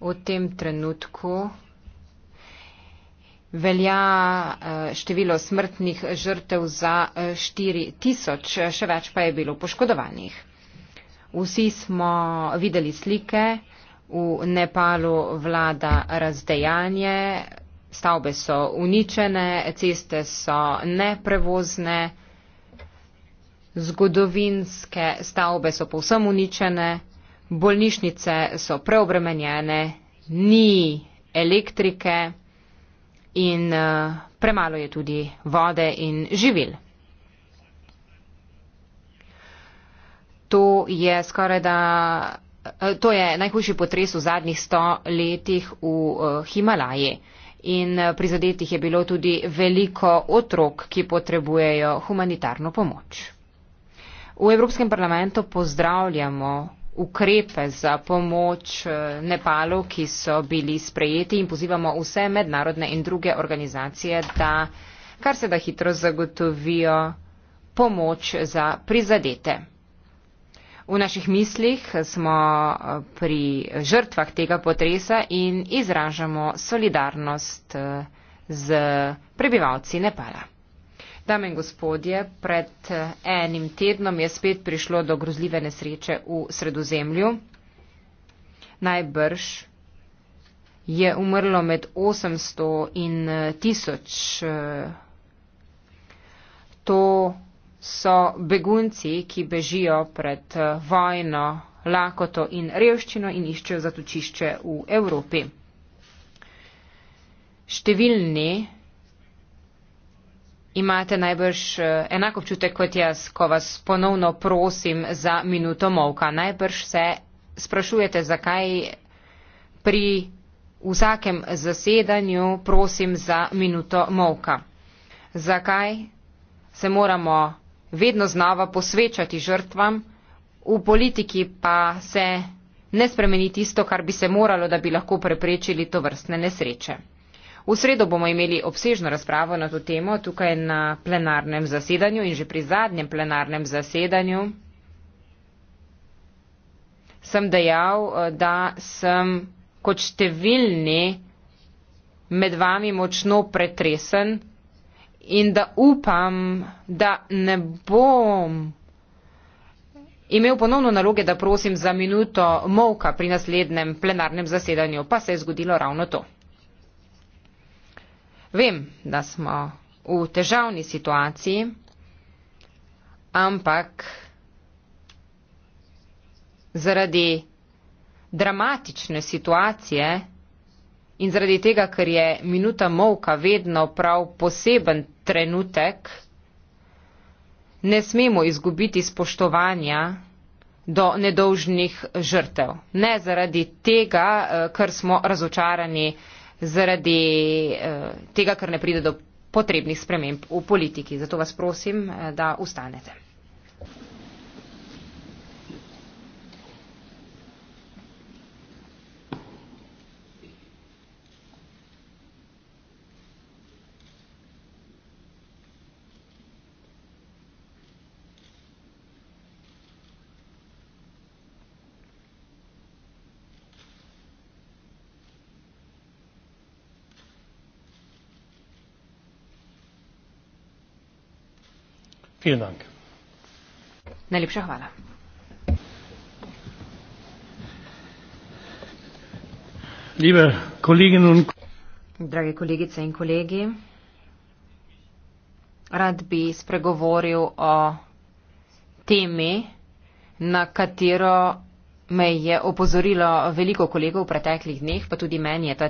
v tem trenutku velja eh, število smrtnih žrtev za 4 eh, tisoč, eh, še več pa je bilo poškodovanih. Vsi smo videli slike, v Nepalu vlada razdejanje, stavbe so uničene, ceste so neprevozne, zgodovinske stavbe so povsem uničene bolnišnice so preobremenjene, ni elektrike in eh, premalo je tudi vode in živil. To je skoraj da. Eh, to je najhujši potres v zadnjih sto letih v eh, Himalaji in prizadetih je bilo tudi veliko otrok, ki potrebujejo humanitarno pomoč. V Evropskem parlamentu pozdravljamo ukrepe za pomoč eh, Nepalu, ki so bili sprejeti in pozivamo vse mednarodne in druge organizacije, da kar se da hitro zagotovijo pomoč za prizadete. V naših mislih smo eh, pri žrtvah tega potresa in izražamo solidarnost eh, z prebivalci Nepala. Dame in gospodje, pred enim tednom je spet prišlo do grozljive nesreče v sredozemlju. Najbrž je umrlo med 800 in 1000. To so begunci, ki bežijo pred vojno, lakoto in revščino in iščejo zatočišče v Evropi. Številni imate najbrž eh, enako občutek kot jaz, ko vas ponovno prosim za minuto molka. Najbrž se sprašujete, zakaj pri vsakem zasedanju prosim za minuto molka. Zakaj se moramo vedno znova posvečati žrtvam, v politiki pa se ne spremeni tisto, kar bi se moralo, da bi lahko preprečili to vrstne nesreče. V sredo bomo imeli obsežno razpravo na to temo tukaj na plenarnem zasedanju in že pri zadnjem plenarnem zasedanju sem dejal, eh, da sem kot številni med vami močno pretresen in da upam, da ne bom imel ponovno naloge, da prosim za minuto molka pri naslednjem plenarnem zasedanju, pa se je zgodilo ravno to. Vem, da smo v težavni situaciji, ampak zaradi dramatične situacije in zaradi tega, ker je minuta molka vedno prav poseben trenutek, ne smemo izgubiti spoštovanja do nedolžnih žrtev. Ne zaradi tega, eh, ker smo razočarani zaradi eh, tega, ker ne pride do potrebnih sprememb v politiki. Zato vas prosim, eh, da ustanete. Vielen Dank. Najlepša hvala. Liebe Kolleginnen und Drage kolegice in kolegi, rad bi spregovoril o temi, na katero me je opozorilo veliko kolegov v preteklih dneh, pa tudi meni je ta